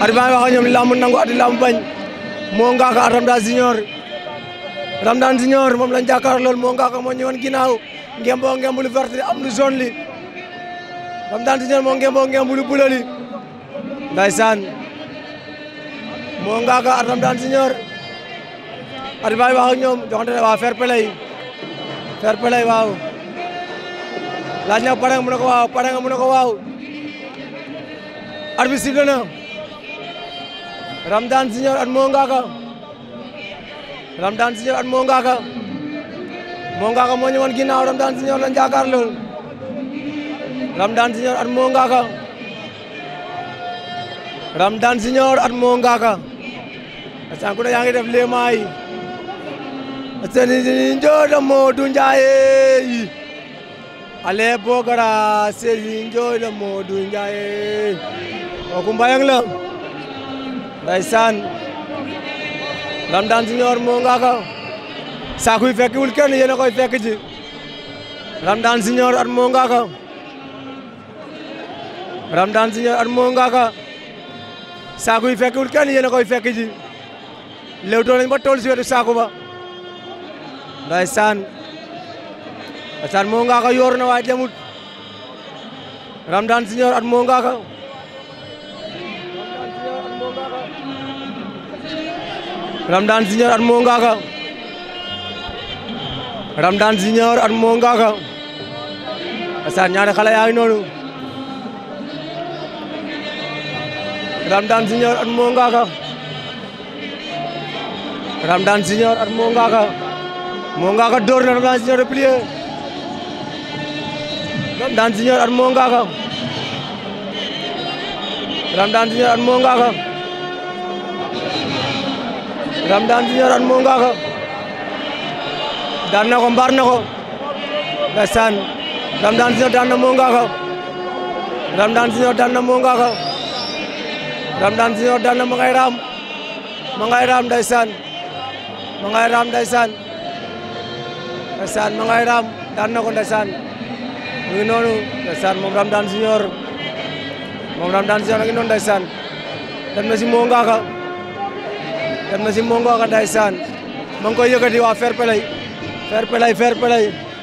at maa ngi wax ak ñoom làmb nangu at làmb bañ moo ngaaka ak Ramdan Junior Ramdan Junior moom lañ jàkkaar lool moo ngaaka moo ñëwoon ginnaaw ngemboo ngemb lu vert li am lu jaune moo ngemboo ngemb lu bula li moo ngaaka ak Ramdan ñoom joxante waa fair play fair laaj na pare nga mu ne ko waaw pare nga mu ne Ramdan Junior at Mo Ngaka Ramdan Junior at Mo Ngaka Mo Ngaka moo ñëwoon ginnaaw Ramdan Junior lañ jaakaar lool Ramdan Junior at Mo Ngaka Ramdan Junior at Mo Ngaka asan ku ne yaa ngi def léemaay seni njooɗo moodu njayeyi ale bogara seni njooɗo moodu njayeyi o kumbayang la ndeysaan Ramdan Junior moo nga ko saaku yi fekkiwul kenn yéen a koy fekk ji Ramdan Junior at moo nga ko Ramdan Junior at moo saaku yi fekkiwul kenn yéen a koy fekk ji Leewtoo nañ ba tool si wetu saaku ba ndeysaan ndeysaan moo nga ko yor na waaye Ramdan Junior at Mo Ngaka Ramdan Junior at Mo Ngaka asaan ñaari xale yaa ngi noonu Ramdan Junior at at Mo Ngaka Mo Ngaka door na Ramdan Junior replié Ramdan Junior at Mo Ngaka at Mo Ngaka Ramdan Junior an moo nga ko daan na ko mbaar na ko ndeysaan Ramdan Junior daan na moo nga ko Ramdan Junior daan na moo nga ko Ramdan Junior daan na ma ngay raam ma ngay raam ndeysaan ma ngay raam ndeysaan ndeysaan ma ngay raam daan na ko ndeysaan mu ngi noonu ndeysaan moom Ramdan Junior moom Ramdan Junior a ngi noonu ndeysaan dem na si moo nga ko dem na si Mongo ak Ndeysaan ma ngi koy yëkkati waa fair play fair play fair